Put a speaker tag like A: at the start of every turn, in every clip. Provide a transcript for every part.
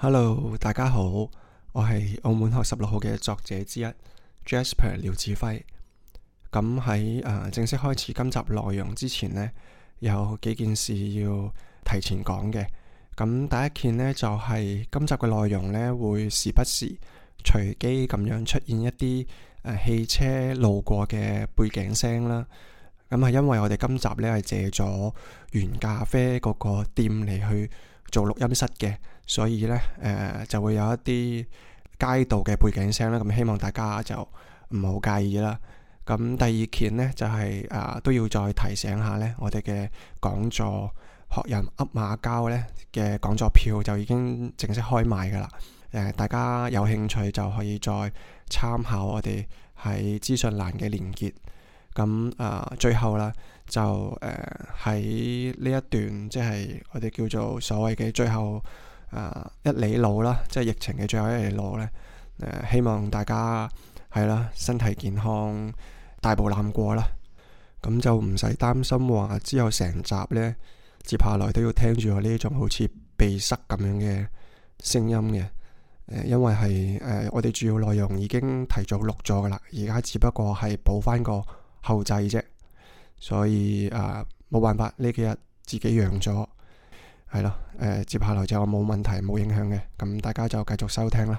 A: Hello，大家好，我係澳門學十六號嘅作者之一 Jasper 廖志輝。咁喺誒正式開始今集內容之前呢，有幾件事要提前講嘅。咁第一件呢，就係、是、今集嘅內容呢會時不時隨機咁樣出現一啲、呃、汽車路過嘅背景聲啦。咁係因為我哋今集呢係借咗原咖啡嗰個店嚟,去做錄音室嘅。所以咧，誒、呃、就會有一啲街道嘅背景聲啦，咁希望大家就唔好介意啦。咁第二件呢，就係、是、誒、呃、都要再提醒下呢，我哋嘅講座學人噏馬交呢嘅講座票就已經正式開賣噶啦。誒、呃，大家有興趣就可以再參考我哋喺資訊欄嘅連結。咁啊、呃，最後啦，就誒喺呢一段即係、就是、我哋叫做所謂嘅最後。啊！一里路啦，即係疫情嘅最後一里路咧。誒、呃，希望大家係啦、啊，身體健康，大步攬過啦。咁就唔使擔心話之後成集呢，接下來都要聽住我呢種好似鼻塞咁樣嘅聲音嘅。誒、呃，因為係誒、呃，我哋主要內容已經提早錄咗噶啦，而家只不過係補翻個後製啫。所以啊，冇、呃、辦法呢幾日自己養咗。係咯，誒、嗯，接下嚟就冇問題冇影響嘅，咁大家就繼續收聽啦。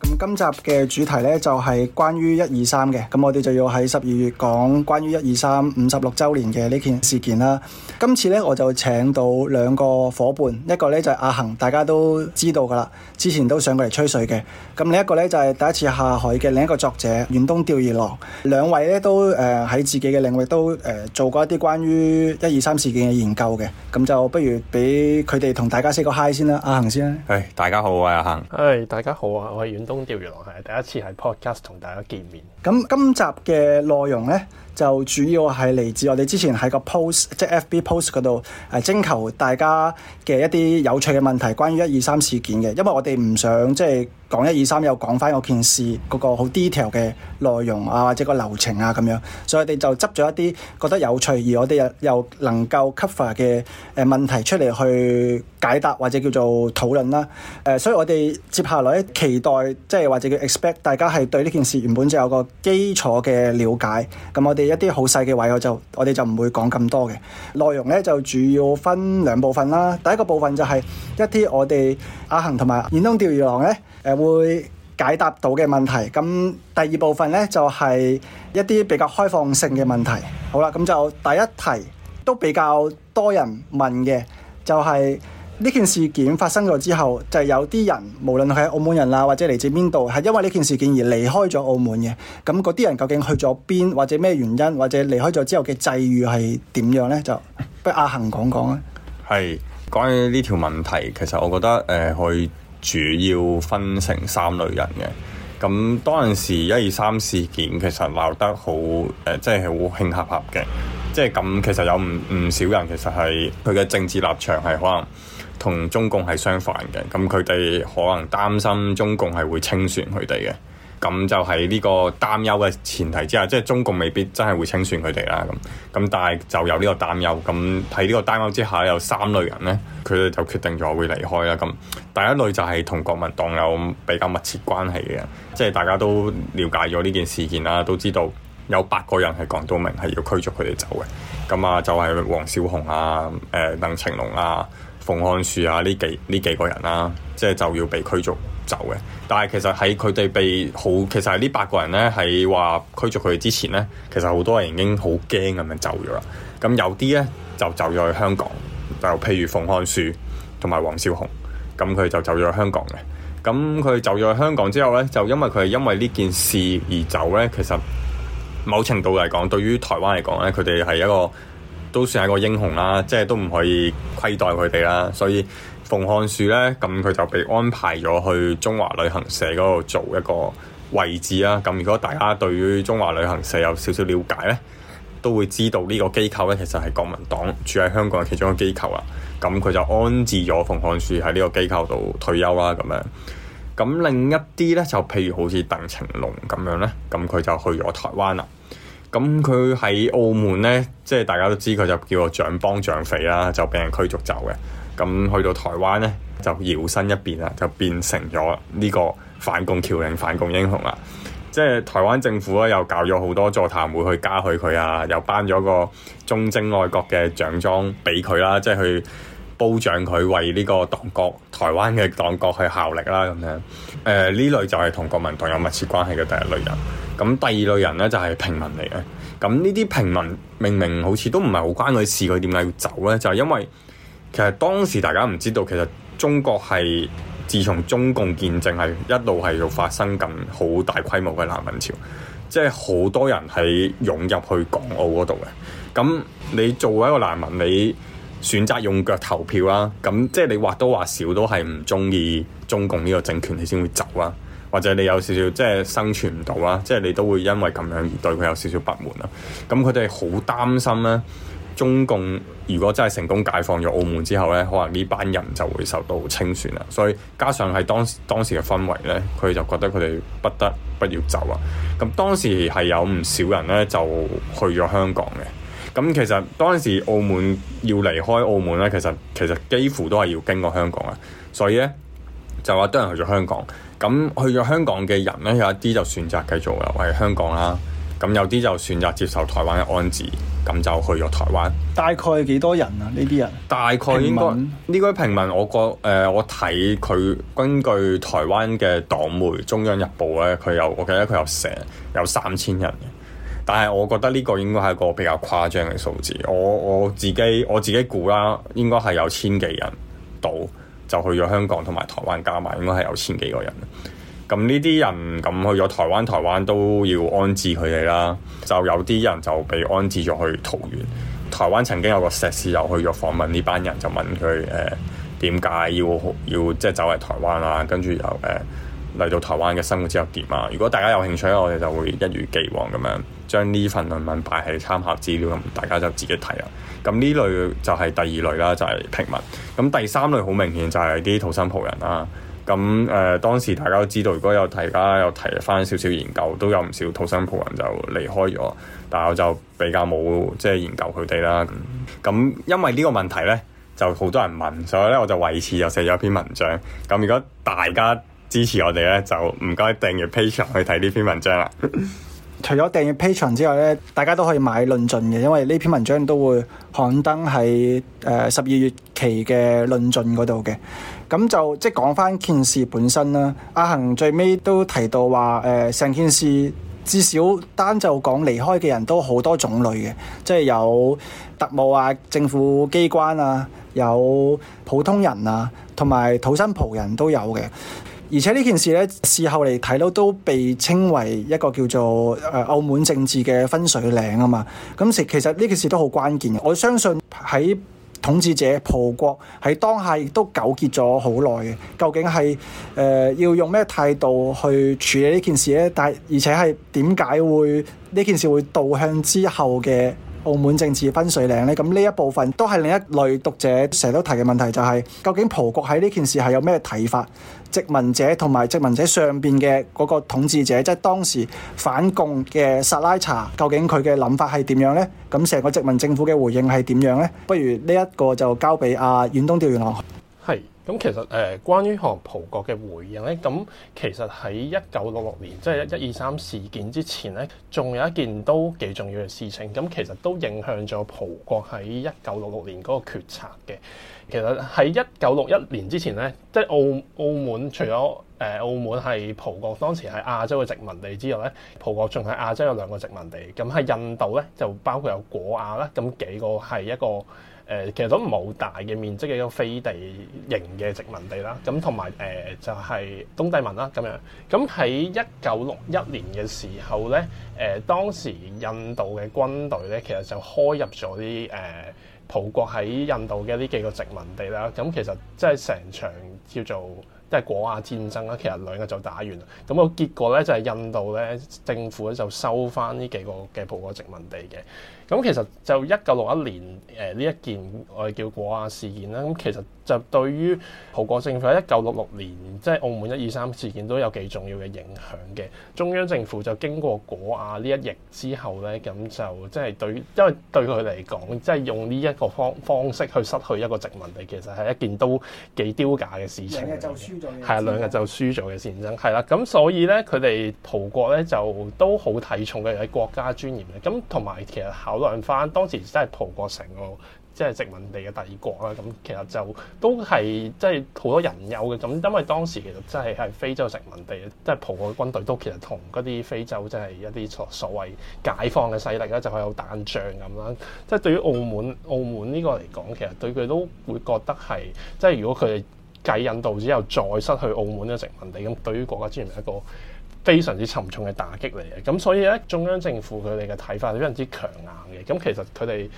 B: 咁今集嘅主題呢，就係關於一二三嘅，咁我哋就要喺十二月講關於一二三五十六周年嘅呢件事件啦。今次呢，我就請到兩個伙伴，一個呢就係阿恒，大家都知道噶啦。之前都上過嚟吹水嘅，咁另一個咧就係第一次下海嘅另一個作者遠東釣魚郎，兩位咧都誒喺自己嘅領域都誒做過一啲關於一二三事件嘅研究嘅，咁就不如俾佢哋同大家 say 個 hi 先啦，阿恆先啦。
C: 誒，大家好，我係阿恆。誒，大家好
D: 啊，我係遠東釣魚郎，係第一次喺 podcast 同大家見面。
B: 咁今集嘅內容咧。就主要係嚟自我哋之前喺個 post，即係 FB post 嗰度，呃，徵求大家嘅一啲有趣嘅問題，關於一二三事件嘅，因為我哋唔想即係。講一二三又講翻嗰件事嗰個好 detail 嘅內容啊，或者個流程啊咁樣，所以我哋就執咗一啲覺得有趣而我哋又能夠 cover 嘅誒問題出嚟去解答或者叫做討論啦。誒，所以我哋接下來期待即係或者 expect 大家係對呢件事原本就有個基礎嘅了解。咁我哋一啲好細嘅位我就我哋就唔會講咁多嘅內容咧，就主要分兩部分啦。第一個部分就係一啲我哋阿恆同埋遠東釣魚郎咧誒。會解答到嘅問題，咁第二部分呢就係一啲比較開放性嘅問題。好啦，咁就第一題都比較多人問嘅，就係呢件事件發生咗之後，就係有啲人無論佢係澳門人啦，或者嚟自邊度，係因為呢件事件而離開咗澳門嘅。咁嗰啲人究竟去咗邊，或者咩原因，或者離開咗之後嘅際遇係點樣呢？就不如阿恒講講啊。
C: 係關於呢條問題，其實我覺得誒去。主要分成三類人嘅。咁當陣時一二三事件其實鬧得好，誒即係好興合合嘅，即係咁其實有唔唔少人其實係佢嘅政治立場係可能同中共係相反嘅，咁佢哋可能擔心中共係會清算佢哋嘅。咁就係呢個擔憂嘅前提之下，即係中共未必真係會清算佢哋啦。咁咁，但係就有呢個擔憂。咁喺呢個擔憂之下，有三類人呢，佢哋就決定咗會離開啦。咁第一類就係同國民黨有比較密切關係嘅人，即係大家都了解咗呢件事件啦，都知道有八個人係講到明係要驅逐佢哋走嘅。咁啊，就係黃少雄啊、誒、鄧成龍啊、馮漢樹啊呢幾呢幾個人啦，即係就要被驅逐。走嘅，但係其實喺佢哋被好，其實喺呢八個人咧喺話驅逐佢哋之前咧，其實好多人已經好驚咁樣走咗啦。咁有啲咧就走咗去香港，就譬如馮漢書同埋黃少雄，咁佢就走咗去香港嘅。咁佢走咗去香港之後咧，就因為佢係因為呢件事而走咧，其實某程度嚟講，對於台灣嚟講咧，佢哋係一個都算係一個英雄啦，即係都唔可以虧待佢哋啦，所以。馮漢樹咧，咁佢就被安排咗去中華旅行社嗰度做一個位置啦、啊。咁如果大家對於中華旅行社有少少了解咧，都會知道呢個機構咧其實係國民黨住喺香港嘅其中一個機構啦、啊。咁佢就安置咗馮漢樹喺呢個機構度退休啦、啊。咁樣，咁另一啲咧就譬如好似鄧成龍咁樣咧，咁佢就去咗台灣啦。咁佢喺澳門咧，即係大家都知佢就叫做蔣幫蔣匪啦，就俾人驅逐走嘅。咁去到台灣咧，就搖身一變啦，就變成咗呢個反共僑領反共英雄啦。即係台灣政府咧，又搞咗好多座談會去嘉許佢啊，又頒咗個忠貞愛國嘅獎章俾佢啦，即係去褒獎佢為呢個黨國台灣嘅黨國去效力啦。咁樣誒呢類就係同國民黨有密切關係嘅第一類人。咁第二類人咧就係、是、平民嚟嘅。咁呢啲平民明明好似都唔係好關佢事，佢點解要走咧？就係、是、因為。其實當時大家唔知道，其實中國係自從中共建政係一路係要發生緊好大規模嘅難民潮，即係好多人喺湧入去港澳嗰度嘅。咁你作做為一個難民，你選擇用腳投票啦、啊。咁即係你或多或少都係唔中意中共呢個政權，你先會走啦、啊，或者你有少少即係生存唔到啦，即係你都會因為咁樣而對佢有少少不滿啦、啊。咁佢哋好擔心咧。中共如果真係成功解放咗澳門之後呢，可能呢班人就會受到清算啦。所以加上係當時當時嘅氛圍呢，佢哋就覺得佢哋不得不要走啊。咁當時係有唔少人呢就去咗香港嘅。咁其實當時澳門要離開澳門呢，其實其實幾乎都係要經過香港啊。所以呢，就話多人去咗香港。咁去咗香港嘅人呢，有一啲就選擇繼續留喺香港啦。咁有啲就選擇接受台灣嘅安置，咁就去咗台灣。
B: 大概幾多人啊？呢啲人？
C: 大概應該呢啲平民，平民我覺誒、呃，我睇佢根據台灣嘅黨媒《中央日報》呢咧，佢有我記得佢有成有三千人嘅，但係我覺得呢個應該係一個比較誇張嘅數字。我我自己我自己估啦，應該係有千幾人到，就去咗香港同埋台灣加埋，應該係有千幾個人。咁呢啲人咁去咗台灣，台灣都要安置佢哋啦。就有啲人就被安置咗去桃園。台灣曾經有個碩士又去咗訪問呢班人，就問佢誒點解要要即係走嚟台灣啊？跟住又誒嚟到台灣嘅、啊呃、生活之後點啊？如果大家有興趣我哋就會一如既往咁樣將呢份論文擺喺參考資料，咁大家就自己睇啦。咁呢類就係第二類啦，就係、是、平民。咁第三類好明顯就係啲土生葡人啦。咁誒、呃，當時大家都知道，如果有大家有提翻少少研究，都有唔少土生葡人就離開咗，但係我就比較冇即係研究佢哋啦。咁、嗯、因為呢個問題呢，就好多人問，所以呢，我就維持又寫咗一篇文章。咁如果大家支持我哋呢，就唔該訂閱 Patreon 去睇呢篇文章啦。
B: 除咗訂閱 Patreon 之外呢，大家都可以買論盡嘅，因為呢篇文章都會刊登喺誒十二月期嘅論盡嗰度嘅。咁就即係講翻件事本身啦。阿恆最尾都提到話，誒、呃、成件事至少單就講離開嘅人都好多種類嘅，即係有特務啊、政府機關啊、有普通人啊，同埋土生葡人都有嘅。而且呢件事呢，事後嚟睇到都被稱為一個叫做誒澳門政治嘅分水嶺啊嘛。咁其實呢件事都好關鍵，我相信喺。統治者葡國喺當下亦都糾結咗好耐嘅，究竟係誒、呃、要用咩態度去處理呢件事呢？但係而且係點解會呢件事會導向之後嘅澳門政治分水嶺咧，咁呢一部分都係另一類讀者成日都提嘅問題，就是，就係究竟葡國喺呢件事係有咩睇法？殖民者同埋殖民者上邊嘅嗰個統治者，即、就、係、是、當時反共嘅薩拉查，究竟佢嘅諗法係點樣呢？咁成個殖民政府嘅回應係點樣呢？不如呢一個就交俾阿、啊、遠東釣魚郎。
D: 咁其實誒、呃，關於何葡國嘅回應咧，咁其實喺一九六六年，即係一一二三事件之前咧，仲有一件都幾重要嘅事情，咁其實都影響咗葡國喺一九六六年嗰個決策嘅。其實喺一九六一年之前咧，即係澳澳門除咗誒、呃、澳門係葡國當時喺亞洲嘅殖民地之外咧，葡國仲喺亞洲有兩個殖民地，咁喺印度咧就包括有果亞啦，咁幾個係一個。誒，其實都冇大嘅面積嘅一個非地形嘅殖民地啦，咁同埋誒就係、是、東帝汶啦咁樣。咁喺一九六一年嘅時候咧，誒、呃、當時印度嘅軍隊咧，其實就開入咗啲誒葡國喺印度嘅呢幾個殖民地啦。咁其實即係成場叫做即係、就是、果亞戰爭啦，其實兩日就打完啦。咁、那個結果咧就係、是、印度咧政府咧就收翻呢幾個嘅葡國殖民地嘅。咁其實就一九六一年誒呢、呃、一件我哋叫果亞事件啦，咁其實。就對於葡國政府喺一九六六年即係、就是、澳門一二三事件都有幾重要嘅影響嘅，中央政府就經過果亞呢一役之後咧，咁就即係對，因為對佢嚟講，即、就、係、是、用呢一個方方式去失去一個殖民地，其實係一件都幾丟架嘅事情。兩日就輸咗，係啊，兩日就輸咗嘅戰爭，係啦。咁所以咧，佢哋葡國咧就都好睇重嘅喺國家尊嚴嘅。咁同埋其實考量翻當時真係葡國成個。即係殖民地嘅帝國啦，咁其實就都係即係好多人有嘅。咁因為當時其實真係係非洲殖民地，即係葡國軍隊都其實同嗰啲非洲即係一啲所所謂解放嘅勢力咧，就有打仗咁啦。即係對於澳門澳門呢個嚟講，其實對佢都會覺得係即係如果佢哋繼印度之後再失去澳門嘅殖民地，咁對於國家資源係一個非常之沉重嘅打擊嚟嘅。咁所以咧，中央政府佢哋嘅睇法係非常之強硬嘅。咁其實佢哋。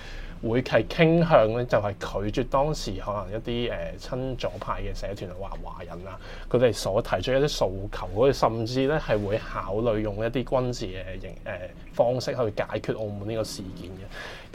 D: 會係傾向咧，就係拒絕當時可能一啲誒親左派嘅社團啊，或華人啊，佢哋所提出一啲訴求嗰啲，甚至咧係會考慮用一啲軍事嘅形誒方式去解決澳門呢個事件嘅。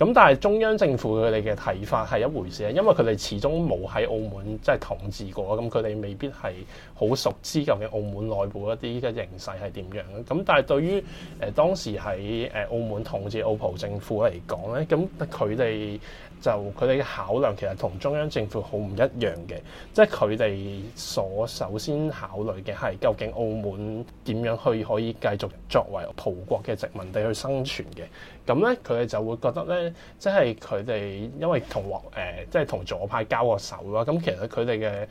D: 咁但係中央政府佢哋嘅睇法係一回事咧，因為佢哋始終冇喺澳門即係統治過，咁佢哋未必係好熟知究竟澳門內部一啲嘅形勢係點樣咧。咁但係對於誒當時喺誒澳門統治澳葡政府嚟講咧，咁佢哋。就佢哋嘅考量其實同中央政府好唔一樣嘅，即係佢哋所首先考慮嘅，係究竟澳門點樣去可以繼續作為葡國嘅殖民地去生存嘅？咁咧，佢哋就會覺得咧，即係佢哋因為同黃、誒即係同左派交過手啦，咁其實佢哋嘅。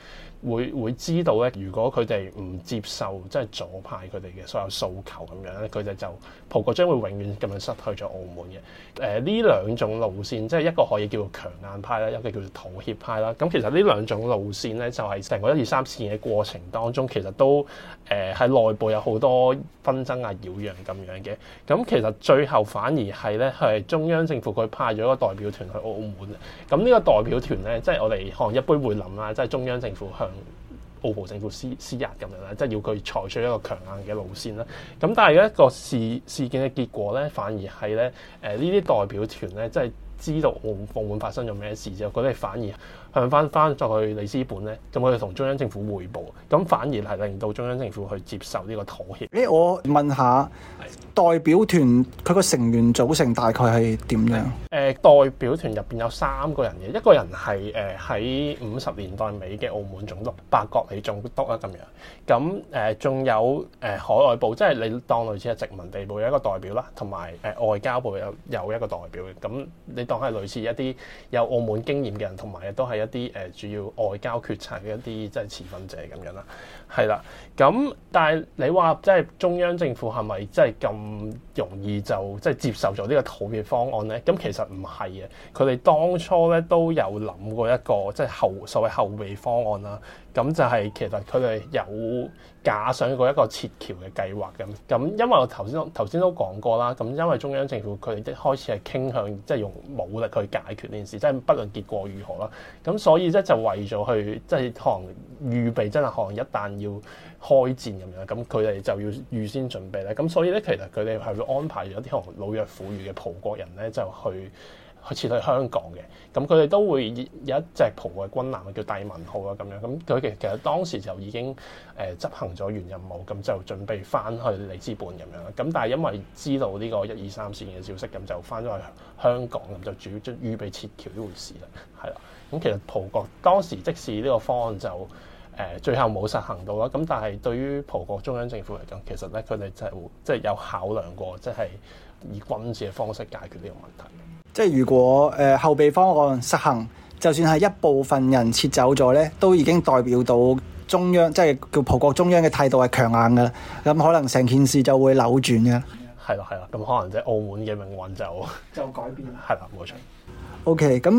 D: 會會知道咧，如果佢哋唔接受即係左派佢哋嘅所有訴求咁樣咧，佢哋就葡國將會永遠咁樣失去咗澳門嘅。誒呢兩種路線，即係一個可以叫做強硬派啦，一個叫做妥協派啦。咁、嗯、其實呢兩種路線咧，就係、是、成個一二三線嘅過程當中，其實都誒喺內部有好多紛爭啊、擾攘咁樣嘅。咁、嗯、其實最後反而係咧係中央政府佢派咗一個代表團去澳門啊。咁、嗯、呢、這個代表團咧，即係我哋可能一般會諗啦，即係中央政府向澳葡政府施施壓咁樣啦，即係要佢採取一個強硬嘅路線啦。咁但係一個事事件嘅結果咧，反而係咧，誒呢啲代表團咧，即係知道澳澳門發生咗咩事之後，佢哋反而。向翻翻再去里斯本咧，就可以同中央政府匯報，咁反而係令到中央政府去接受呢個妥協。
B: 誒、欸，我問下的代表團佢個成員組成大概係點樣？
D: 誒、呃，代表團入邊有三個人嘅，一個人係誒喺五十年代尾嘅澳門總督白覺理總督啦咁樣。咁誒仲有誒、呃、海外部，即係你當類似係殖民地部有一個代表啦，同埋誒外交部有有一個代表嘅。咁你當係類似一啲有澳門經驗嘅人，同埋都係。一啲誒主要外交決策嘅一啲即係持份者咁樣啦，係啦，咁但係你話即係中央政府係咪真係咁容易就即係接受咗呢個妥協方案咧？咁其實唔係嘅，佢哋當初咧都有諗過一個即係後所謂後備方案啦。咁就係其實佢哋有假想過一個撤僑嘅計劃咁，咁因為我頭先頭先都講過啦，咁因為中央政府佢哋一開始係傾向即係、就是、用武力去解決呢件事，即、就、係、是、不論結果如何啦，咁所以咧就為咗去即係、就是、可能預備真係可能一旦要開戰咁樣，咁佢哋就要預先準備咧，咁所以咧其實佢哋係會安排咗啲可能老弱婦孺嘅葡國人咧就是、去。去撤去香港嘅，咁佢哋都會有一隻葡嘅軍艦叫帝文號啊，咁樣咁佢其實當時就已經誒、呃、執行咗原任務，咁就準備翻去里斯本咁樣啦。咁但係因為知道呢個一二三事件嘅消息，咁就翻咗去香港，咁就主要預備撤僑呢回事啦，係啦。咁其實葡國當時即使呢個方案就誒、呃、最後冇實行到啦，咁但係對於葡國中央政府嚟講，其實咧佢哋就即、是、係、就是、有考量過，即、就、係、是、以軍事嘅方式解決呢個問題。
B: 即係如果誒、呃、後備方案實行，就算係一部分人撤走咗咧，都已經代表到中央，即係叫葡國中央嘅態度係強硬㗎啦。咁可能成件事就會扭轉嘅。
D: 係啦，係啦。咁可能即係澳門嘅命運就就改變啦。係啦，冇錯。
B: O.K. 咁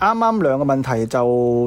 B: 啱啱兩個問題就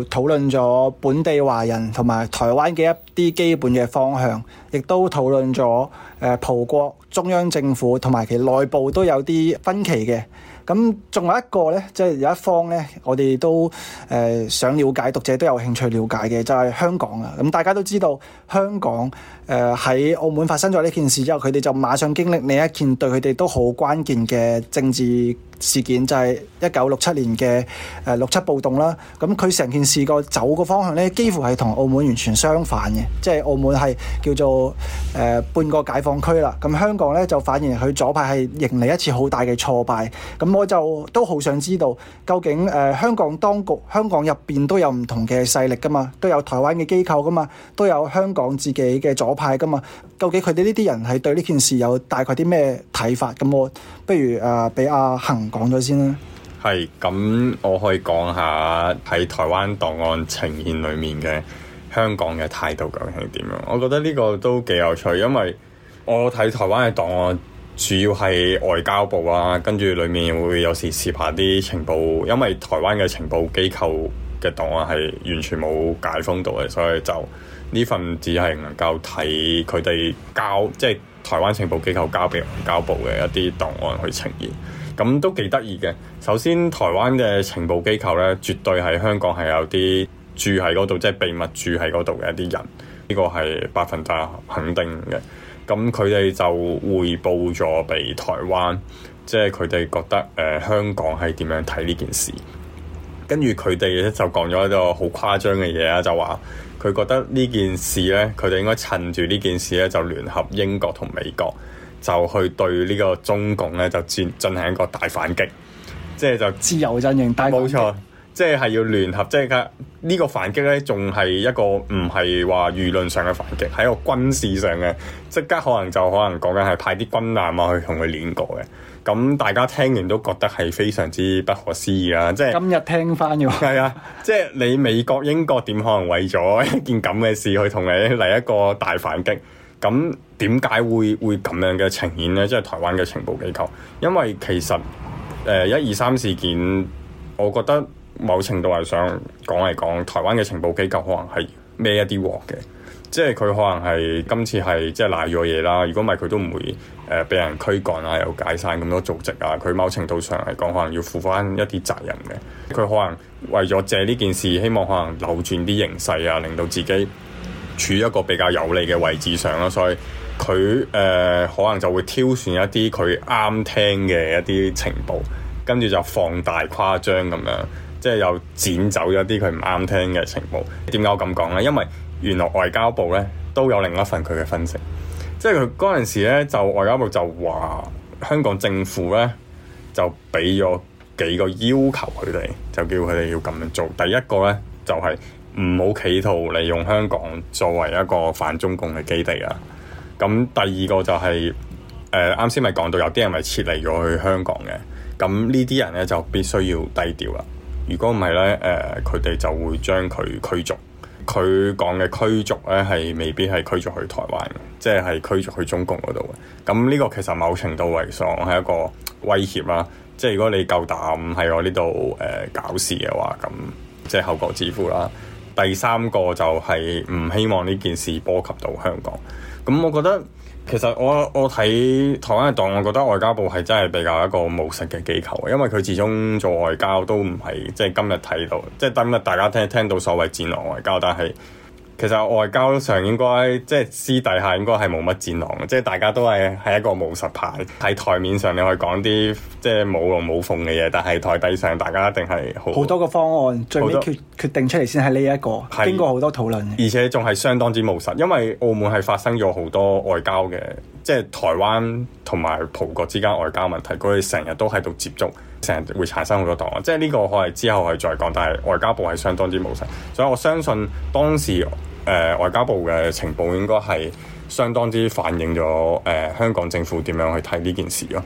B: 討論咗本地華人同埋台灣嘅一啲基本嘅方向，亦都討論咗誒葡國中央政府同埋其內部都有啲分歧嘅。咁仲有一個呢，即係有一方呢，我哋都誒想了解讀者都有興趣了解嘅，就係香港啊。咁大家都知道香港誒喺澳門發生咗呢件事之後，佢哋就馬上經歷另一件對佢哋都好關鍵嘅政治。事件就係一九六七年嘅誒、呃、六七暴動啦，咁佢成件事個走個方向呢，幾乎係同澳門完全相反嘅，即係澳門係叫做誒、呃、半個解放區啦，咁、嗯、香港呢，就反而佢左派係迎嚟一次好大嘅挫敗，咁、嗯、我就都好想知道究竟誒、呃、香港當局、香港入邊都有唔同嘅勢力㗎嘛，都有台灣嘅機構㗎嘛，都有香港自己嘅左派㗎嘛。究竟佢哋呢啲人係對呢件事有大概啲咩睇法？咁我不如誒俾、呃、阿恆講咗先啦。
C: 係咁我可以講下喺台灣檔案呈現裏面嘅香港嘅態度究竟係點樣。我覺得呢個都幾有趣，因為我睇台灣嘅檔案主要係外交部啊，跟住裏面會有時涉下啲情報，因為台灣嘅情報機構嘅檔案係完全冇解封到嘅，所以就。呢份只係能夠睇佢哋交，即係台灣情報機構交俾外交部嘅一啲檔案去呈現，咁都幾得意嘅。首先，台灣嘅情報機構咧，絕對係香港係有啲住喺嗰度，即係秘密住喺嗰度嘅一啲人，呢個係百分百肯定嘅。咁佢哋就彙報咗俾台灣，即係佢哋覺得誒香港係點樣睇呢件事。跟住佢哋咧就講咗一個好誇張嘅嘢啊，就話佢覺得呢件事咧，佢哋應該趁住呢件事咧就聯合英國同美國，就去對呢個中共咧就進進行一個大反擊，即係就自由陣營。冇錯，即係係要聯合，即係呢個反擊咧，仲係一個唔係話輿論上嘅反擊，係一個軍事上嘅，即刻可能就可能講緊係派啲軍艦啊去同佢攣過嘅。咁大家聽完都覺得係非常之不可思議啦，即係今日聽翻嘅話，係啊的， 即係你美國、英國點可能為咗一件咁嘅事去同你嚟一個大反擊？咁點解會會咁樣嘅呈現呢？即係台灣嘅情報機構，因為其實誒一二三事件，我覺得某程度係想講嚟講，台灣嘅情報機構可能係孭一啲鑊嘅，即係佢可能係今次係即係賴咗嘢啦。如果唔係，佢都唔會。誒、呃、被人驅趕啊，又解散咁多組織啊，佢某程度上嚟講，可能要負翻一啲責任嘅。佢可能為咗借呢件事，希望可能扭轉啲形勢啊，令到自己處一個比較有利嘅位置上咯、啊。所以佢誒、呃、可能就會挑選一啲佢啱聽嘅一啲情報，跟住就放大誇張咁樣，即係又剪走咗啲佢唔啱聽嘅情報。點解我咁講呢？因為原來外交部呢，都有另一份佢嘅分析。即係佢嗰陣時咧，就外交部就話香港政府咧就俾咗幾個要求佢哋，就叫佢哋要咁樣做。第一個咧就係唔好企圖利用香港作為一個反中共嘅基地啊。咁、嗯、第二個就係誒啱先咪講到有啲人咪撤離咗去香港嘅，咁、嗯、呢啲人咧就必須要低調啦。如果唔係咧誒，呃、佢哋就會將佢驅逐。佢講嘅驅逐咧，係未必係驅逐去台灣嘅，即係係驅逐去中共嗰度嘅。咁呢個其實某程度為上係一個威脅啦。即係如果你夠膽喺我呢度誒搞事嘅話，咁即係後果自負啦。第三個就係唔希望呢件事波及到香港。咁我覺得。其實我我睇台灣嘅黨，我覺得外交部係真係比較一個務實嘅機構，因為佢始終做外交都唔係，即係今日睇到，即係今日大家聽聽到所謂戰狼外交，但係。其實外交上應該即係私底下應該係冇乜戰狼，即係大家都係係一個務實派。喺台面上你可以講啲即係冇龍冇鳳嘅嘢，但係台底上大家一定係好好，
B: 多個方案，最尾多決，決定出嚟先係呢一個，
C: 是經過好多討論。而且仲係相當之務實，因為澳門係發生咗好多外交嘅，即係台灣同埋葡國之間外交問題，佢哋成日都喺度接觸，成日會產生好多檔案。即係呢個可以之後係再講，但係外交部係相當之務實，所以我相信當時。誒、呃、外交部嘅情報應該係相當之反映咗誒、呃、香港政府點樣去睇呢件事咯。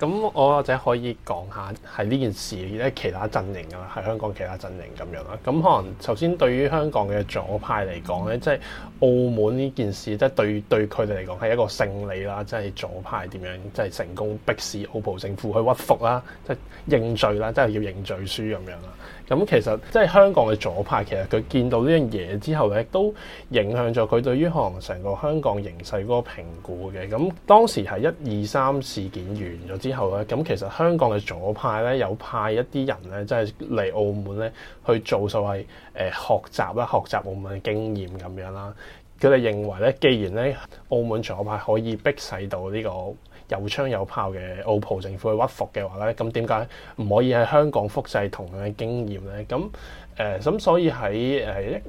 D: 咁我或者可以講下，係呢件事咧，其他陣營啊，係香港其他陣營咁樣啦。咁可能首先對於香港嘅左派嚟講咧，即係澳門呢件事，即係對對佢哋嚟講係一個勝利啦，即係左派點樣，即係成功逼使澳葡政府去屈服啦，即係認罪啦，即係要認罪書咁樣啦。咁其實即係香港嘅左派，其實佢見到呢樣嘢之後咧，都影響咗佢對於可能成個香港形勢嗰個評估嘅。咁當時係一二三事件完咗之後咧，咁其實香港嘅左派咧有派一啲人咧，即係嚟澳門咧去做所謂誒學習啦，學習澳門嘅經驗咁樣啦。佢哋認為咧，既然咧澳門左派可以逼使到呢、呢個有槍有炮嘅澳葡政府去屈服嘅話咧，咁點解唔可以喺香港複製同樣嘅經驗咧？咁誒咁所以喺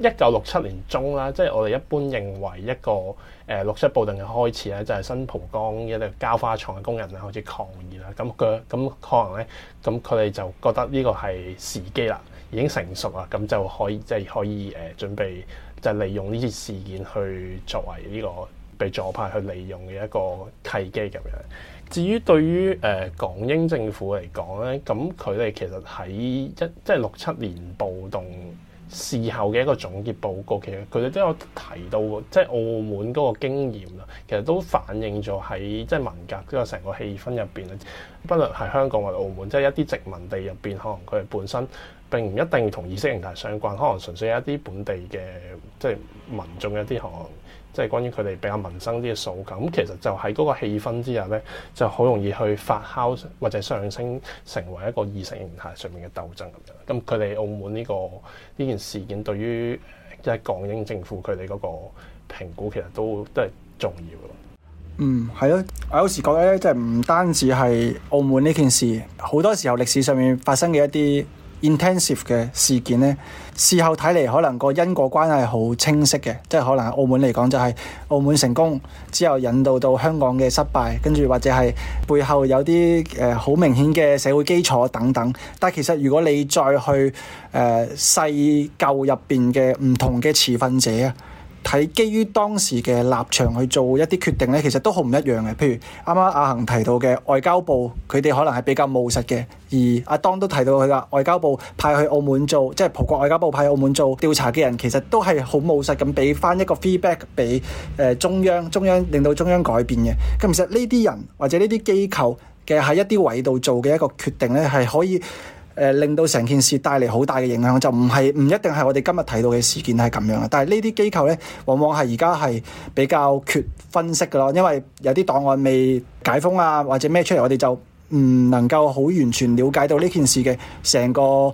D: 誒一九六七年中啦，即係我哋一般認為一個誒、呃、六七暴動嘅開始咧，就係、是、新蒲崗一啲膠花廠嘅工人啊開始抗議啦。咁佢咁可能咧，咁佢哋就覺得呢個係時機啦，已經成熟啦，咁就可以即係、就是、可以誒、呃、準備，就利用呢啲事件去作為呢、這個。被左派去利用嘅一個契機咁樣。至於對於誒、呃、港英政府嚟講咧，咁佢哋其實喺一即係六七年暴動事後嘅一個總結報告，其實佢哋都有提到即係澳門嗰個經驗啦。其實都反映咗喺即係文革嗰個成個氣氛入邊啦。不論係香港或者澳門即係一啲殖民地入邊，可能佢哋本身並唔一定同意識形態相關，可能純粹係一啲本地嘅即係民眾嘅一啲項。即係關於佢哋比較民生啲嘅訴求，咁其實就喺嗰個氣氛之下咧，就好容易去發酵或者上升成為一個意識形態上面嘅鬥爭咁樣。咁佢哋澳門呢個呢件事件對於即係港英政府佢哋嗰個評估，其實都都係重要咯。
B: 嗯，係咯，我有時覺得咧，即係唔單止係澳門呢件事，好多時候歷史上面發生嘅一啲 Intensive 嘅事件呢，事後睇嚟可能個因果關係好清晰嘅，即係可能澳門嚟講就係澳門成功之後引導到香港嘅失敗，跟住或者係背後有啲誒好明顯嘅社會基礎等等。但其實如果你再去誒細究入邊嘅唔同嘅持份者啊。睇基於當時嘅立場去做一啲決定呢，其實都好唔一樣嘅。譬如啱啱阿恆提到嘅外交部，佢哋可能係比較務實嘅；而阿當都提到佢啦，外交部派去澳門做，即係葡國外交部派去澳門做調查嘅人，其實都係好務實咁俾翻一個 feedback 俾誒中央，中央，中央令到中央改變嘅。咁其實呢啲人或者呢啲機構嘅喺一啲位度做嘅一個決定呢，係可以。誒令到成件事帶嚟好大嘅影響，就唔係，唔一定係我哋今日睇到嘅事件係咁樣嘅。但係呢啲機構呢，往往係而家係比較缺分析㗎囉，因為有啲檔案未解封啊，或者咩出嚟，我哋就唔能夠好完全了解到呢件事嘅成個誒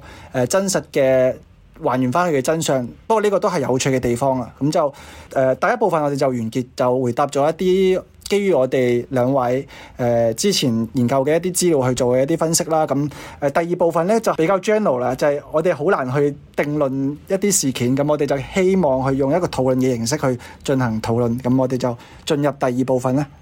B: 真實嘅還原返去嘅真相。不過呢個都係有趣嘅地方啊。咁就誒、呃、第一部分我哋就完結，就回答咗一啲。基於我哋兩位誒、呃、之前研究嘅一啲資料去做嘅一啲分析啦，咁誒第二部分呢，就比較 general 啦，就係、是、我哋好難去定論一啲事件，咁我哋就希望去用一個討論嘅形式去進行討論，咁我哋就進入第二部分啦。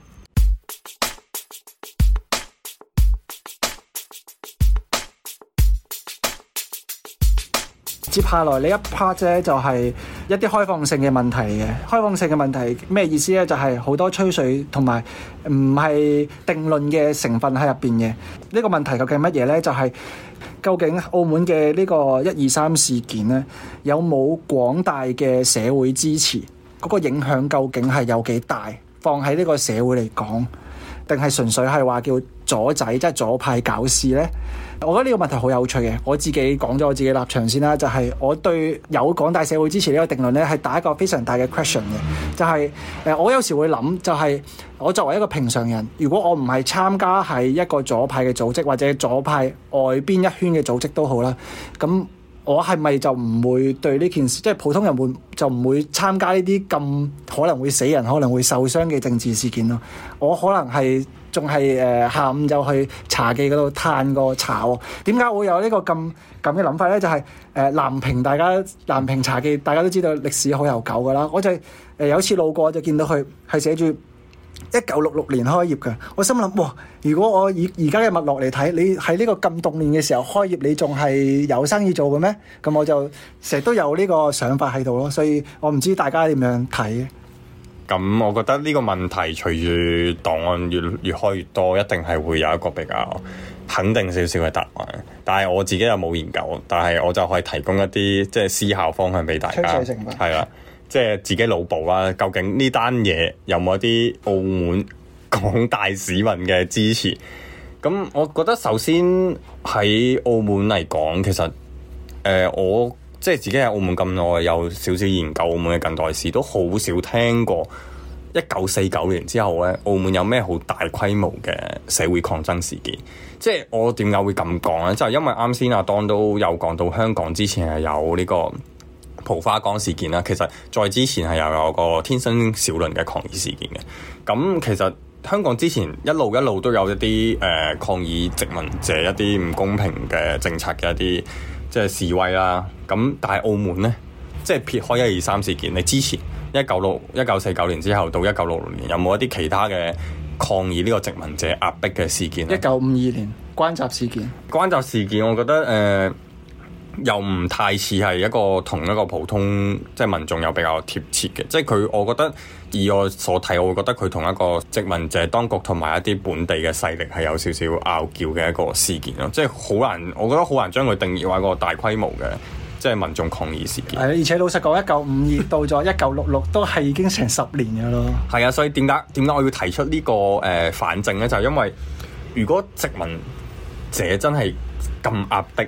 B: 接下來呢一 part 呢，就係、是。一啲開放性嘅問題嘅，開放性嘅問題咩意思呢？就係好多吹水同埋唔係定論嘅成分喺入邊嘅。呢個問題究竟係乜嘢呢？就係究竟澳門嘅呢個一二三事件呢，有冇廣大嘅社會支持？嗰個影響究竟係有幾大？放喺呢個社會嚟講，定係純粹係話叫左仔，即係左派搞事呢？我覺得呢個問題好有趣嘅，我自己講咗我自己立場先啦，就係、是、我對有廣大社會支持呢個定論呢，係打一個非常大嘅 question 嘅，就係、是、誒我有時會諗，就係我作為一個平常人，如果我唔係參加係一個左派嘅組織，或者左派外邊一圈嘅組織都好啦，咁我係咪就唔會對呢件事？即、就、係、是、普通人會就唔會參加呢啲咁可能會死人、可能會受傷嘅政治事件咯？我可能係。仲係誒下午就去茶記嗰度嘆個茶喎。點解會有呢個咁咁嘅諗法咧？就係誒南屏，大家南屏茶記大家都知道歷史好悠久噶啦。我就係誒有次路過就見到佢係寫住一九六六年開業嘅。我心諗哇，如果我以而家嘅脈絡嚟睇，你喺呢個咁動亂嘅時候開業，你仲係有生意做嘅咩？咁我就成日都有呢個想法喺度咯。所以我唔知大家點樣睇嘅。
C: 咁、嗯、我覺得呢個問題隨住檔案越越開越多，一定係會有一個比較肯定少少嘅答案。但係我自己又冇研究，但係我就可以提供一啲即係思考方向俾大家。係啦，即係自己腦部啦。究竟呢單嘢有冇一啲澳門廣大市民嘅支持？咁我覺得首先喺澳門嚟講，其實誒、呃、我，即係自己喺澳門咁耐，有少少研究澳門嘅近代史，都好少聽過一九四九年之後咧，澳門有咩好大規模嘅社會抗爭事件。即係我點解會咁講咧？就是、因為啱先阿 d 都有講到香港之前係有呢個蒲花江事件啦，其實在之前係又有個天生小輪嘅抗議事件嘅。咁其實香港之前一路一路都有一啲誒、呃、抗議殖民者一啲唔公平嘅政策嘅一啲。即係示威啦，啊，咁但係澳門呢，即係撇開一二三事件，你之前一九六一九四九年之後到一九六六年，有冇一啲其他嘅抗議呢個殖民者壓迫嘅事件？一九五二年關閘事件，關閘事件，我覺得誒。呃又唔太似係一個同一個普通即係民眾又比較貼切嘅，即係佢我覺得以我所睇，我會覺得佢同一個殖民者當局同埋一啲本地嘅勢力係有少少拗撬嘅一個事件咯，即係好難，我覺得好難將佢定義為一個大規模嘅即係民眾抗議事件。係，
B: 而且老實講，一九五二到咗一九六六都係已經成十年嘅咯。
C: 係啊，所以點解點解我要提出呢個誒反證呢？就係因為如果殖民者真係咁壓迫。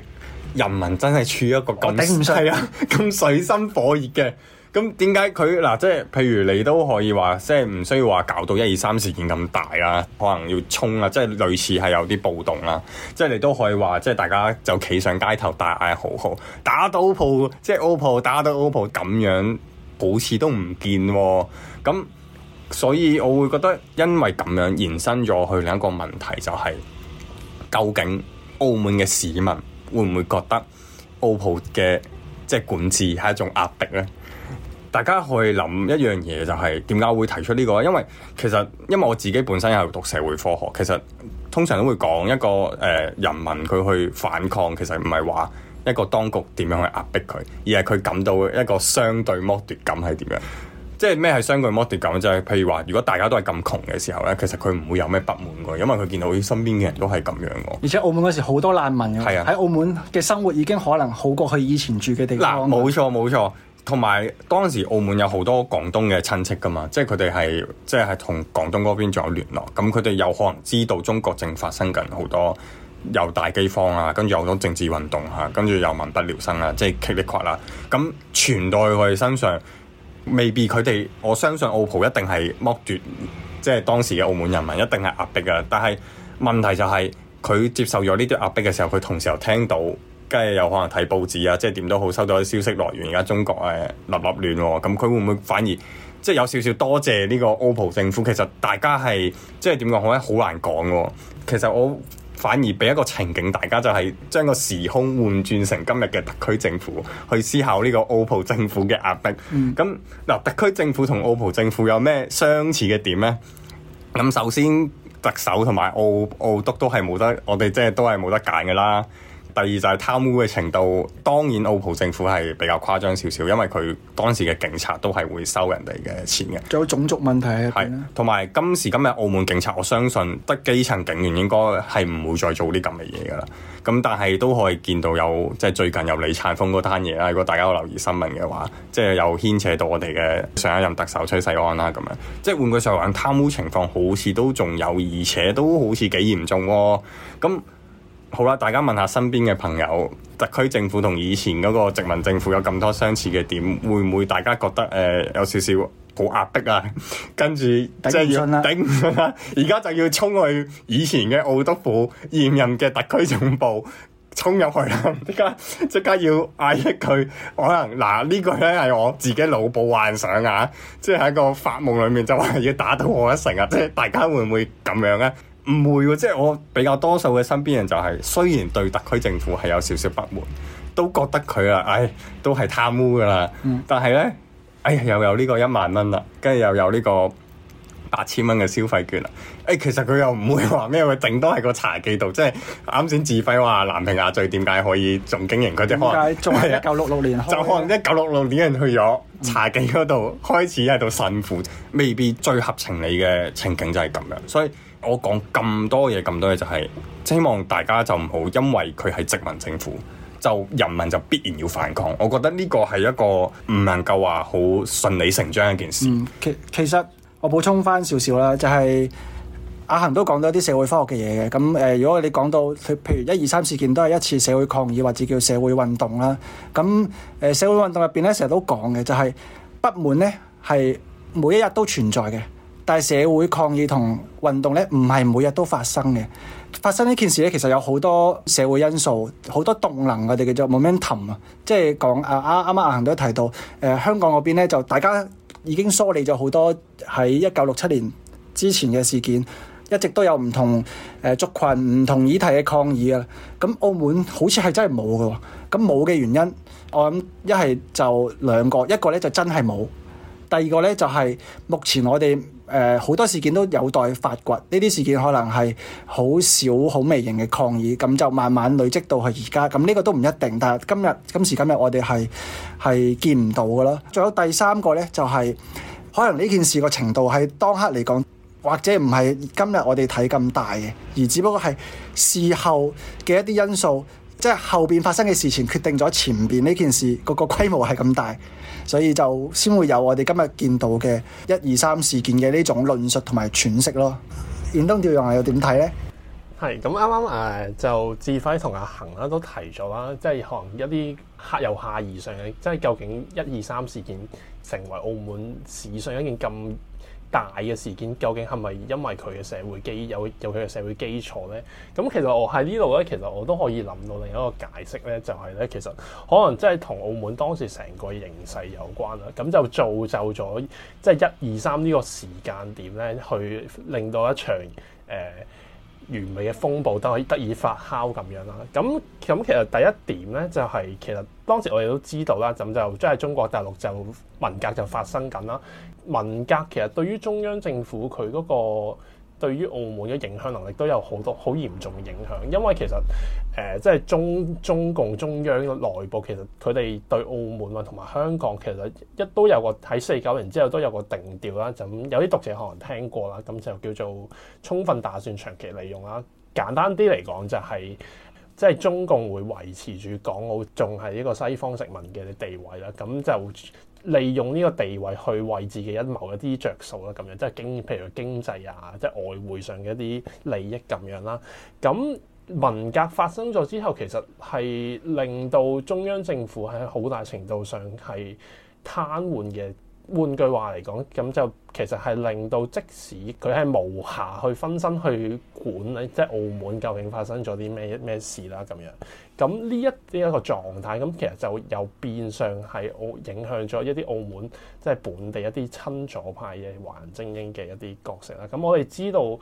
C: 人民真係處於一個咁係啊，咁 水深火熱嘅咁點解佢嗱？即係、啊就是、譬如你都可以話，即係唔需要話搞到一二三事件咁大啦，可能要衝啊，即、就、係、是、類似係有啲暴動啦、啊，即、就、係、是、你都可以話，即、就、係、是、大家就企上街頭大嗌，好好打到 OPP 即係 OPP 打到 OPP 咁樣，好似都唔見喎、哦。咁所以我會覺得，因為咁樣延伸咗去另一個問題、就是，就係究竟澳門嘅市民。會唔會覺得澳葡嘅即、就是、管治係一種壓迫呢？大家去以諗一樣嘢、就是，就係點解會提出個呢個？因為其實，因為我自己本身又讀社會科學，其實通常都會講一個誒、呃、人民佢去反抗，其實唔係話一個當局點樣去壓迫佢，而係佢感到一個相對剝奪感係點樣。即係咩係相對剝奪咁？即係譬如話，如果大家都係咁窮嘅時候咧，其實佢唔會有咩不滿嘅，因為佢見到身邊嘅人都係咁樣嘅。
B: 而且澳門嗰時好多難民
C: 嘅。係啊，喺澳門嘅生活已經可能好過去以前住嘅地方。嗱，冇錯冇錯，同埋當時澳門有好多廣東嘅親戚噶嘛，即係佢哋係即係係同廣東嗰邊仲有聯絡，咁佢哋有可能知道中國正發生緊好多又大饑荒啊，跟住有好多政治運動嚇啊，跟住又民不聊生啊，即係劇力誇啦，咁傳到佢哋身上。未必佢哋，我相信澳葡一定係剝奪，即係當時嘅澳門人民一定係壓迫嘅。但係問題就係佢接受咗呢啲壓迫嘅時候，佢同時又聽到，梗係有可能睇報紙啊，即係點都好收到啲消息來源。而家中國誒立立亂喎，咁，嗯，佢會唔會反而即係有少少多謝呢個澳葡政府？其實大家係即係點講好咧，好難講嘅。其實我。反而俾一個情景，大家就係將個時空換轉成今日嘅特區政府去思考呢個澳葡政府嘅壓迫。咁嗱、嗯，特區政府同澳葡政府有咩相似嘅點呢？咁首先，特首同埋澳澳督都係冇得，我哋即係都係冇得揀㗎啦。第二就係貪污嘅程度，當然澳葡政府係比較誇張少少，因為佢當時嘅警察都係會收人哋嘅錢嘅。仲有種族問題，係，同埋今時今日澳門警察，我相信得基層警員應該係唔會再做啲咁嘅嘢噶啦。咁但係都可以見到有即係最近有李燦峰嗰單嘢啦。如果大家有留意新聞嘅話，即係又牽扯到我哋嘅上一任特首崔世安啦。咁樣即係換句説話，貪污情況好似都仲有，而且都好似幾嚴重喎。咁好啦，大家問下身邊嘅朋友，特區政府同以前嗰個殖民政府有咁多相似嘅點，會唔會大家覺得誒、呃、有少少好壓迫啊？ 跟著住即係要頂唔順啦，而家就要衝去以前嘅澳督府現任嘅特區總部，衝入去啦！即刻即刻要嗌一句，可能嗱呢個咧係我自己腦部幻想啊，即係喺個發夢裏面就話要打到我一成啊！即係大家會唔會咁樣呢？唔會喎，即係我比較多數嘅身邊人就係，雖然對特區政府係有少少不滿，都覺得佢啊，唉，都係貪污㗎啦。嗯、但係咧，唉，又有呢個一萬蚊啦，跟住又有呢個。八千蚊嘅消費券啊！誒、欸，其實佢又唔會話咩，佢頂多係個茶記度，即係啱先自費話南平亞最點解可以仲經營佢啲，點解仲一九六六年就可能一九六六年去咗茶記嗰度開始喺度辛苦，未必最合情理嘅情景就係咁樣。所以我講咁多嘢，咁多嘢就係、是、希望大家就唔好因為佢係殖民政府，就人民就必然要反抗。我覺得呢個係一個唔能夠話好順理成章一件
B: 事。嗯、其其實。我補充翻少少啦，就係、是、阿恒都講到啲社會科學嘅嘢嘅，咁誒、呃、如果你講到譬如一二三事件都係一次社會抗議或者叫社會運動啦，咁誒、呃、社會運動入邊咧成日都講嘅就係不滿咧係每一日都存在嘅，但係社會抗議同運動咧唔係每日都發生嘅，發生呢件事咧其實有好多社會因素，好多動能我哋叫做 momentum 啊，即係講啊啱啱阿恒都提到誒、呃、香港嗰邊咧就大家。已經梳理咗好多喺一九六七年之前嘅事件，一直都有唔同誒族群、唔同議題嘅抗議啊。咁澳門好似係真係冇嘅，咁冇嘅原因，我諗一係就兩個，一個咧就真係冇，第二個咧就係、是、目前我哋。誒好、呃、多事件都有待發掘，呢啲事件可能係好少好微型嘅抗議，咁就慢慢累積到去而家。咁呢個都唔一定，但係今日今時今日我哋係係見唔到㗎啦。仲有第三個呢，就係、是、可能呢件事個程度係當刻嚟講，或者唔係今日我哋睇咁大嘅，而只不過係事後嘅一啲因素。即係後邊發生嘅事情決定咗前邊呢件事嗰個規模係咁大，所以就先會有我哋今日見到嘅一二三事件嘅呢種論述同埋詮釋咯。遠東 釣魚郎係又點睇呢？
D: 係咁啱啱誒，就志輝同阿恒啦都提咗啦，即係可能一啲客由下而上嘅，即係究竟一二三事件成為澳門史上一件咁大嘅事件，究竟係咪因為佢嘅社會基有有佢嘅社會基礎咧？咁其實我喺呢度咧，其實我都可以諗到另一個解釋咧，就係咧，其實可能真係同澳門當時成個形勢有關啦。咁就造就咗即係一二三呢個時間點咧，去令到一場誒完美嘅風暴都可以得以發酵咁樣啦。咁咁其實第一點咧，就係其實當時我哋都知道啦，咁就即係中國大陸就文革就發生緊啦。文革其實對於中央政府佢嗰個對於澳門嘅影響能力都有好多好嚴重嘅影響，因為其實誒即係中中共中央內部其實佢哋對澳門啊同埋香港其實一都有個喺四九年之後都有個定調啦，咁有啲讀者可能聽過啦，咁就叫做充分打算長期利用啦。簡單啲嚟講就係即係中共會維持住港澳仲係一個西方殖民嘅地位啦，咁就。利用呢個地位去為自己一謀一啲着數啦，咁樣即係經譬如經濟啊，即係外匯上嘅一啲利益咁樣啦。咁文革發生咗之後，其實，係令到中央政府喺好大程度上係癱瘓嘅。換句話嚟講，咁就其實係令到即使佢係無暇去分身去管咧，即係澳門究竟發生咗啲咩咩事啦咁樣。咁呢一呢一個狀態，咁其實就又變相係澳影響咗一啲澳門即係本地一啲親左派嘅華人精英嘅一啲角色啦。咁我哋知道。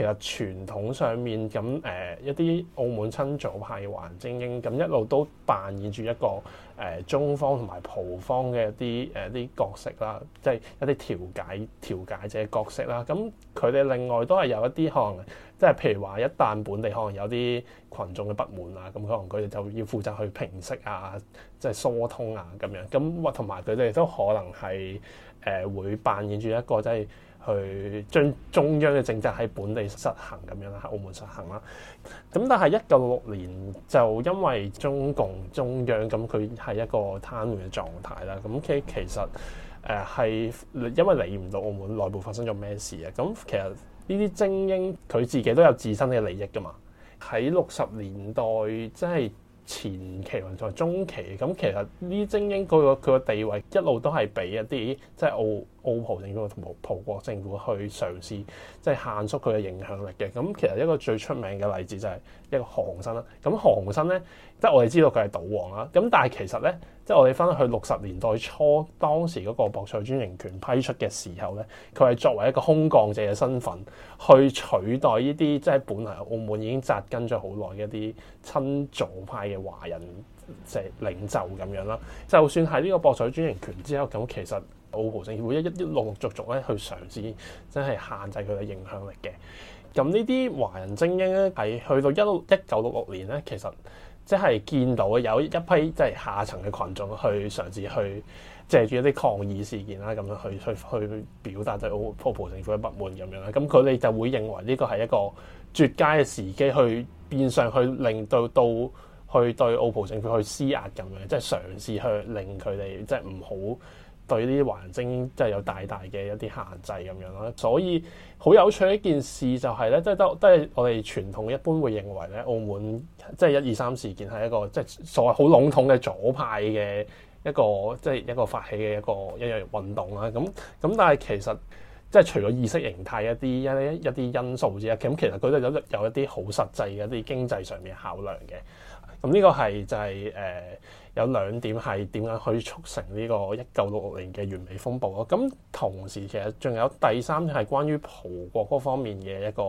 D: 其實傳統上面咁誒一啲澳門親祖派華人精英咁一路都扮演住一個誒、呃、中方同埋葡方嘅一啲誒啲角色啦，即係一啲調解調解者嘅角色啦。咁佢哋另外都係有一啲可能，即係譬如話一旦本地可能有啲群眾嘅不滿啊，咁可能佢哋就要負責去平息啊，即係疏通啊咁樣。咁或同埋佢哋都可能係誒、呃、會扮演住一個即係。去將中央嘅政策喺本地實行咁樣啦，喺澳門實行啦。咁但係一九六六年就因為中共中央咁佢係一個癱瘓嘅狀態啦。咁其其實誒係、呃、因為嚟唔到澳門內部發生咗咩事啊？咁其實呢啲精英佢自己都有自身嘅利益噶嘛。喺六十年代即係、就是、前期或在中期，咁其實呢啲精英佢個佢個地位一路都係俾一啲即係澳。澳葡政府同葡葡國政府去嘗試即係限縮佢嘅影響力嘅，咁其實一個最出名嘅例子就係一個何鴻燊啦。咁何鴻燊咧，即係我哋知道佢係賭王啦。咁但係其實咧，即係我哋翻去六十年代初當時嗰個博彩專營權批出嘅時候咧，佢係作為一個空降者嘅身份去取代呢啲即係本嚟澳門已經紮根咗好耐嘅一啲親左派嘅華人即係領袖咁樣啦。就算係呢個博彩專營權之後，咁其實。澳葡政府一一一陸陸續續咧去嘗試，真係限制佢嘅影響力嘅。咁呢啲華人精英咧，係去到一一九六六年咧，其實即係見到有一批即係下層嘅群眾去嘗試去藉住一啲抗議事件啦，咁樣去去去表達對澳葡政府嘅不滿咁樣啦。咁佢哋就會認為呢個係一個絕佳嘅時機，去變相去令到到去對澳葡政府去施壓咁樣，即係嘗試去令佢哋即係唔好。對呢啲環境即係有大大嘅一啲限制咁樣啦，所以好有趣一件事就係、是、咧，即係得即係我哋傳統一般會認為咧，澳門即係一二三事件係一個即係所謂好籠統嘅左派嘅一個即係一個發起嘅一個一樣運動啦。咁咁但係其實即係除咗意識形態一啲一啲一啲因素之外，咁其實佢都有，有一啲好實際嘅一啲經濟上面考量嘅。咁呢個係就係、是、誒。呃有兩點係點樣去促成呢個一九六六年嘅完美風暴咯？咁同時其實仲有第三點係關於葡國嗰方面嘅一個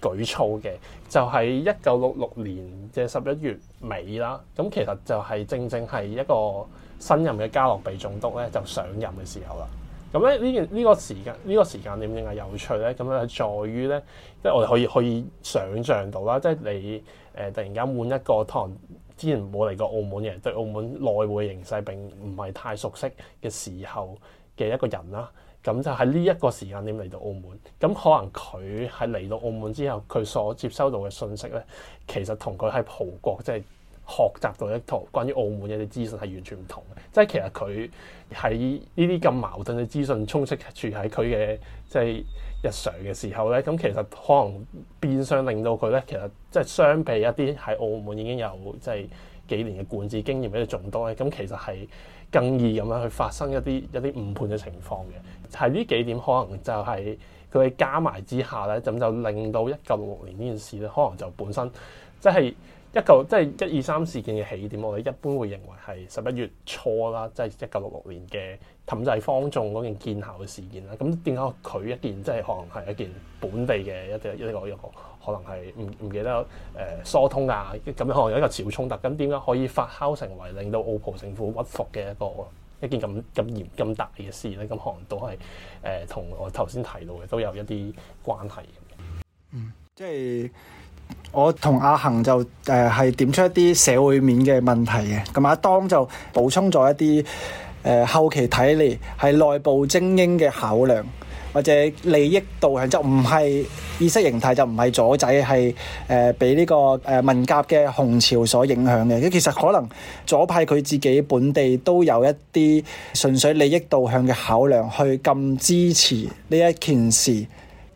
D: 舉措嘅，就係一九六六年嘅十一月尾啦。咁其實就係正正係一個新任嘅嘉樂庇總督咧就上任嘅時候啦。咁咧呢件呢個時間呢、呢個時間點點係有趣咧？咁樣係在於咧，即係我哋可以可以想像到啦，即係你誒、呃、突然間換一個唐。之前冇嚟過澳門嘅，對澳門內外形勢並唔係太熟悉嘅時候嘅一個人啦。咁就喺呢一個時間點嚟到澳門，咁可能佢喺嚟到澳門之後，佢所接收到嘅信息咧，其實同佢喺葡國即係、就是、學習到一套關於澳門嘅啲資訊係完全唔同嘅。即係其實佢喺呢啲咁矛盾嘅資訊充斥住喺佢嘅即係。就是日常嘅時候咧，咁其實可能變相令到佢咧，其實即係相比一啲喺澳門已經有即係幾年嘅管治經驗嘅仲多咧，咁其實係更易咁樣去發生一啲一啲誤判嘅情況嘅。係呢幾點可能就係佢加埋之下咧，咁就令到一九六六年呢件事咧，可能就本身即係。一九即係一二三事件嘅起點，我哋一般會認為係十一月初啦，即係一九六六年嘅氹仔坊眾嗰件建校嘅事件啦。咁點解佢一件即係可能係一件本地嘅一一個一個，可能係唔唔記得誒疏通啊咁樣，可能有一個小衝突。咁點解可以發酵成為令到澳葡政府屈服嘅一個一件咁咁嚴咁大嘅事咧？咁可能都係誒同我頭先提到嘅都有一啲關係。嗯，即
B: 係。我同阿恒就誒係、呃、點出一啲社會面嘅問題嘅，咁阿當就補充咗一啲誒、呃、後期睇嚟係內部精英嘅考量或者利益導向，就唔係意識形態，就唔係左仔係誒俾呢個誒文、呃、革嘅紅潮所影響嘅。佢其實可能左派佢自己本地都有一啲純粹利益導向嘅考量去咁支持呢一件事。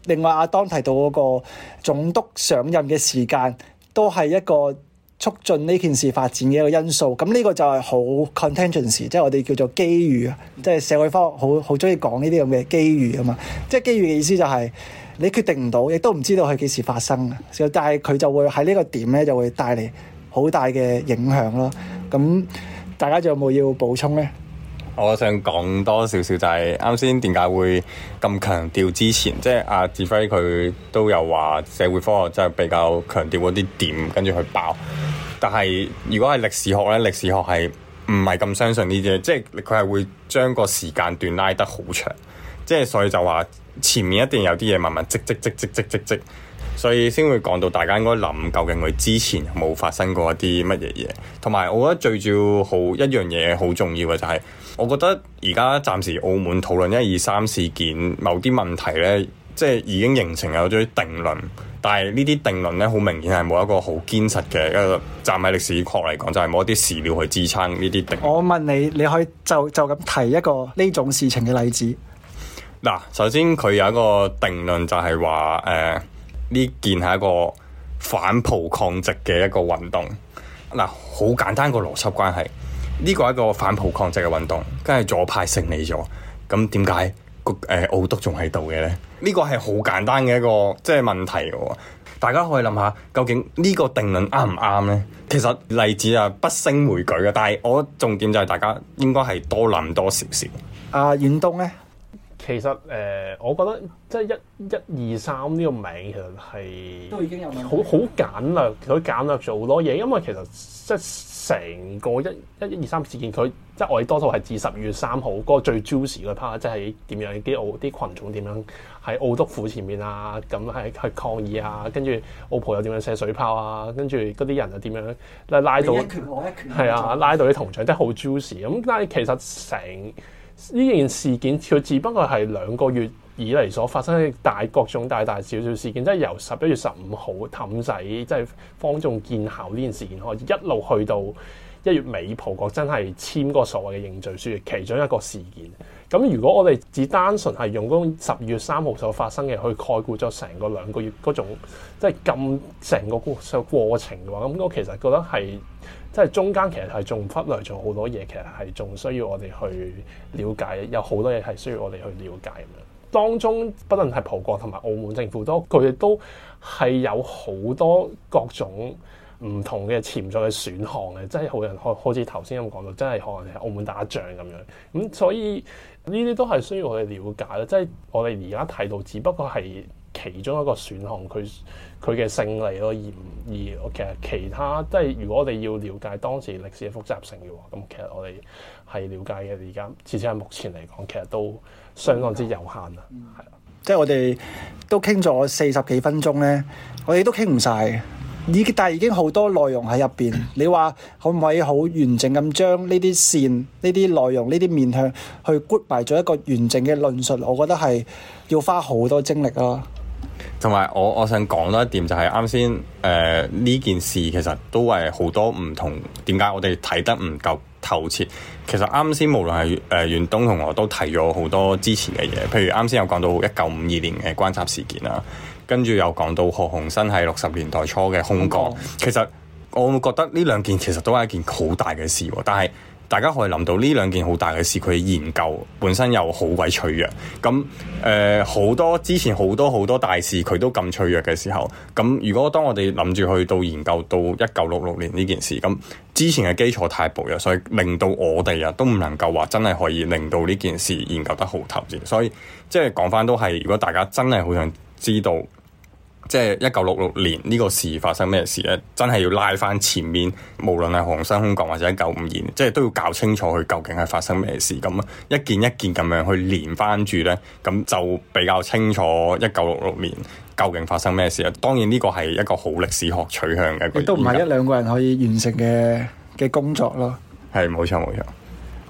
B: 另外阿當提到嗰個總督上任嘅時間，都係一個促進呢件事發展嘅一個因素。咁呢個就係好 contingency，即係我哋叫做機遇啊，即係社會科學好好中意講呢啲咁嘅機遇啊嘛。即係機遇嘅意思就係、是、你決定唔到，亦都唔知道佢幾時發生嘅。但係佢就會喺呢個點咧，就會帶嚟好大嘅影響咯。咁大家仲有冇要補充咧？
C: 我想講多少少就係啱先，點解會咁強調之前？即係阿志輝佢都有話社會科學真係比較強調嗰啲點，跟住去爆。但係如果係歷史學咧，歷史學係唔係咁相信呢啲嘢，即係佢係會將個時間段拉得好長，即係所以就話前面一定有啲嘢慢慢積積積積積積積，所以先會講到大家應該諗究竟佢之前有冇發生過一啲乜嘢嘢。同埋我覺得最主要好一樣嘢，好重要嘅就係。我覺得而家暫時澳門討論一二三事件某啲問題呢，即係已經形成有咗啲定論，但係呢啲定論呢，好明顯係冇一個好堅實嘅一個站喺歷史確嚟講，就係冇一啲史料去支撐呢啲定論。
B: 我問你，你可以就就咁提一個呢種事情嘅例子。
C: 嗱，首先佢有一個定論就係話誒，呢、呃、件係一個反葡抗殖嘅一個運動。嗱，好簡單個邏輯關係。呢個係一個反葡抗殖嘅運動，跟住左派勝利咗，咁點解個誒澳督仲喺度嘅咧？呢個係好簡單嘅一個即係問題嘅喎，大家可以諗下，究竟呢個定論啱唔啱咧？其實例子啊不勝枚舉嘅，但係我重點就係大家應該係多諗多少少。
D: 啊，遠東咧？其實誒、呃，我覺得即係一一二三呢個名其實係都已經有好好簡略，佢簡略咗好多嘢。因為其實即係成個一一一二三事件，佢即係我哋多數係自十二月三號嗰、那個最 juicy 嘅 part，即係點樣啲澳啲群眾點樣喺澳督府前面啊，咁、嗯、係去抗議啊，跟住澳葡又點樣射水炮啊，跟住嗰啲人又點樣拉拉到，係啊，拉到啲銅像，即係好 juicy 咁。但係其實成。呢件事件佢只不過係兩個月以嚟所發生嘅大各種大大小小事件，即係由十一月十五號氹仔即係坊眾建校呢件事件開始，一路去到一月尾葡國真係簽個所謂嘅認罪書，其中一個事件。咁如果我哋只單純係用嗰個十二月三號所發生嘅去概括咗成個兩個月嗰種即係咁成個過程嘅話，咁我其實覺得係。即係中間其實係仲忽略咗好多嘢，其實係仲需要我哋去了解，有好多嘢係需要我哋去了解咁樣。當中，不論係葡國同埋澳門政府都，佢哋都係有好多各種唔同嘅潛在嘅選項嘅，即係可能，好似頭先咁講到，真係可能喺澳門打仗咁樣。咁所以呢啲都係需要我哋了解咯。即係我哋而家睇到，只不過係。其中一個選項，佢佢嘅勝利咯，而而其實其他即係，如果我哋要了解當時歷史嘅複雜性嘅話，咁其實我哋係了解嘅。而家至少係目前嚟講，其實都相當之有限啊。係即係我哋
B: 都傾咗四十幾分鐘咧，我哋都傾唔晒。已但係已經好多內容喺入邊。你話可唔可以好完整咁將呢啲線、呢啲內容、呢啲面向去闔埋咗一個完整嘅論述？我覺得係要花好多精力咯。
C: 同埋我我想講多一點，就係啱先誒呢件事其實都係好多唔同點解我哋睇得唔夠透徹。其實啱先無論係誒遠東同學都提咗好多之前嘅嘢，譬如啱先有講到一九五二年嘅關閘事件啦，跟住又講到何鴻燊係六十年代初嘅空降。哦、其實我會覺得呢兩件其實都係一件好大嘅事喎，但係。大家可以諗到呢兩件好大嘅事，佢研究本身又好鬼脆弱。咁誒，好多之前好多好多大事，佢都咁脆弱嘅時候，咁如果當我哋諗住去到研究到一九六六年呢件事，咁之前嘅基礎太薄弱，所以令到我哋啊都唔能夠話真係可以令到呢件事研究得好透徹。所以即係講返都係，如果大家真係好想知道。即係一九六六年呢個事發生咩事咧？真係要拉翻前面，無論係航空空降或者一九五二，即係都要搞清楚佢究竟係發生咩事。咁一件一件咁樣去連翻住咧，咁就比較清楚一九六六年究竟發生咩事啊！當然呢個係一個好歷史學取向嘅一個，亦都唔係一
B: 兩個人可以完成嘅嘅工作咯。
C: 係冇錯冇錯。錯錯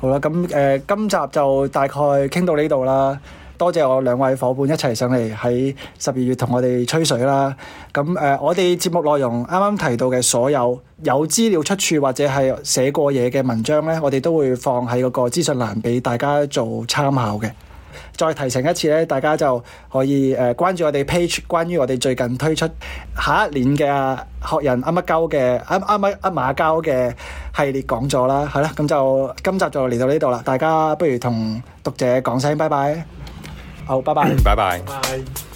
B: 好啦，咁誒、呃，今集就大概傾到呢度啦。多謝我兩位伙伴一齊上嚟喺十二月同我哋吹水啦。咁誒、呃，我哋節目內容啱啱提到嘅所有有資料出處或者係寫過嘢嘅文章呢，我哋都會放喺嗰個資訊欄俾大家做參考嘅。再提醒一次呢，大家就可以誒、呃、關注我哋 page，關於我哋最近推出下一年嘅學人阿乜鳩嘅，阿阿乜阿馬交嘅系列講座啦。係啦，咁就今集就嚟到呢度啦。大家不如同讀者講聲拜拜。好，拜拜，拜拜，拜拜。